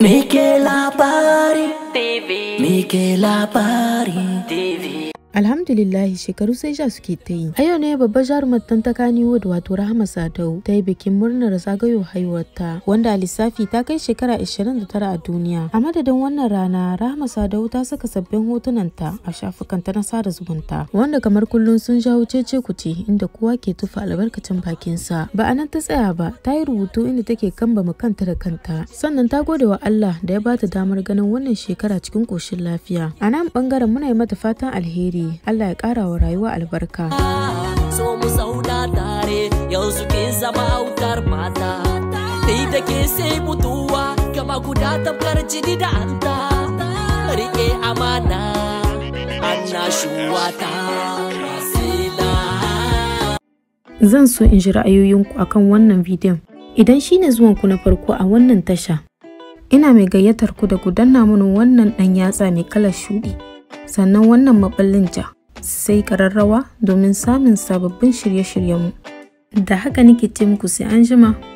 Michela Pari TV Michela Pari TV Alhamdulillah, shekaru sai ja suke ta yi a yau ne babbar jarumar dan ta wato rahama sadau ta yi bikin murnar zagayo haihuwarta wanda a lissafi ta kai shekara 29 a duniya a madadin wannan rana rahama sadau ta saka sabbin hotunanta a shafukanta na sada zumunta wanda kamar kullum sun jawo cece kuce inda kowa ke tufa albarkacin bakinsa ba a nan ta tsaya ba ta yi rubutu inda take kambama kanta da kanta sannan ta gode wa Allah da ya bata damar ganin wannan shekara cikin koshin lafiya a nan bangaren muna yi mata fatan alheri Allah ya ƙara wa rayuwa albarka so mu zauna tare yanzu ke zama aukar mata ni da ke sai mutuwa kama guda tabbar jini da anta rike amana shuwa ta Zan so in ji ra'ayoyinku akan wannan bidiyon. Idan shi ne zuwanku na farko a wannan tasha, ina mai gayyatar ku da ku danna mana wannan ɗan yatsa mai kalar shuɗi. sannan wannan maɓallin ja sai ƙararrawa domin samun sababbin shirye-shiryenmu da haka nake ce muku sai an jima.